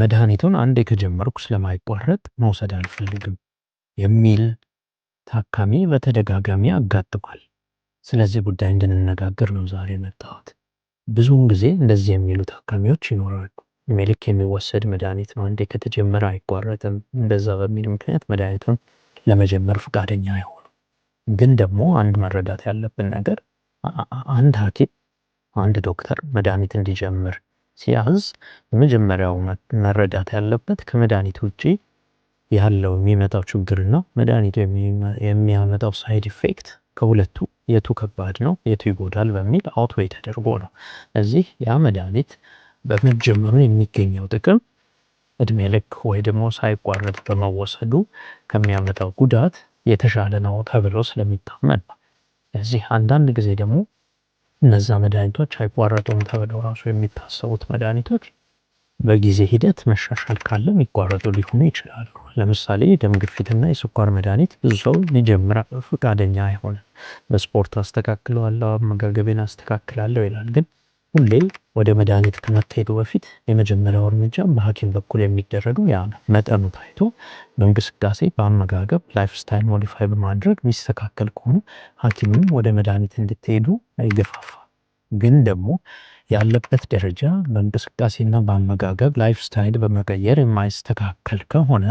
መድኃኒቱን አንዴ ከጀመርኩ ስለማይቋረጥ መውሰድ አልፈልግም የሚል ታካሚ በተደጋጋሚ አጋጥሟል። ስለዚህ ጉዳይ እንድንነጋገር ነው ዛሬ መጣሁት። ብዙውን ጊዜ እንደዚህ የሚሉ ታካሚዎች ይኖራሉ። ሜልክ የሚወሰድ መድኃኒት ነው፣ አንዴ ከተጀመረ አይቋረጥም። እንደዛ በሚል ምክንያት መድኃኒቱን ለመጀመር ፈቃደኛ አይሆኑ። ግን ደግሞ አንድ መረዳት ያለብን ነገር አንድ ሐኪም አንድ ዶክተር መድኃኒት እንዲጀምር ሲያዝ የመጀመሪያው መረዳት ያለበት ከመድሃኒት ውጭ ያለው የሚመጣው ችግር ነው። መድኃኒቱ የሚያመጣው ሳይድ ኢፌክት ከሁለቱ የቱ ከባድ ነው የቱ ይጎዳል በሚል አውትዌይ ተደርጎ ነው። እዚህ ያ መድኃኒት በመጀመሩ የሚገኘው ጥቅም እድሜ ልክ ወይ ደግሞ ሳይቋረጥ በመወሰዱ ከሚያመጣው ጉዳት የተሻለ ነው ተብሎ ስለሚታመን ነው። እዚህ አንዳንድ ጊዜ ደግሞ እነዛ መድኃኒቶች አይቋረጡም ተብለው ራሱ የሚታሰቡት መድኃኒቶች በጊዜ ሂደት መሻሻል ካለ የሚቋረጡ ሊሆኑ ይችላሉ። ለምሳሌ የደም ግፊትና የስኳር መድኃኒት ብዙ ሰው ሊጀምር ፈቃደኛ አይሆንም። በስፖርት አስተካክለዋለሁ አመጋገቤን አስተካክላለሁ ይላል ግን ሁሌም ወደ መድኃኒት ከመትሄዱ በፊት የመጀመሪያው እርምጃ በሐኪም በኩል የሚደረገው ያ ነው። መጠኑ ታይቶ በእንቅስቃሴ በአመጋገብ ላይፍ ስታይል ሞዲፋይ በማድረግ የሚስተካከል ከሆኑ ሐኪምም ወደ መድኃኒት እንድትሄዱ አይገፋፋም። ግን ደግሞ ያለበት ደረጃ በእንቅስቃሴና በአመጋገብ ላይፍ ስታይል በመቀየር የማይስተካከል ከሆነ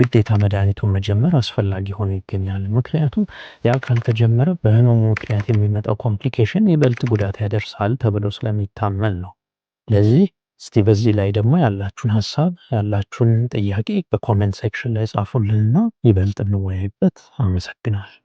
ግዴታ መድኃኒቱ መጀመር አስፈላጊ ሆኖ ይገኛል። ምክንያቱም ያ ካልተጀመረ በህመሙ ምክንያት የሚመጣው ኮምፕሊኬሽን ይበልጥ ጉዳት ያደርሳል ተብሎ ስለሚታመን ነው። ለዚህ እስቲ በዚህ ላይ ደግሞ ያላችሁን ሀሳብ ያላችሁን ጥያቄ በኮሜንት ሴክሽን ላይ ጻፉልንና ይበልጥ እንወያይበት። አመሰግናል።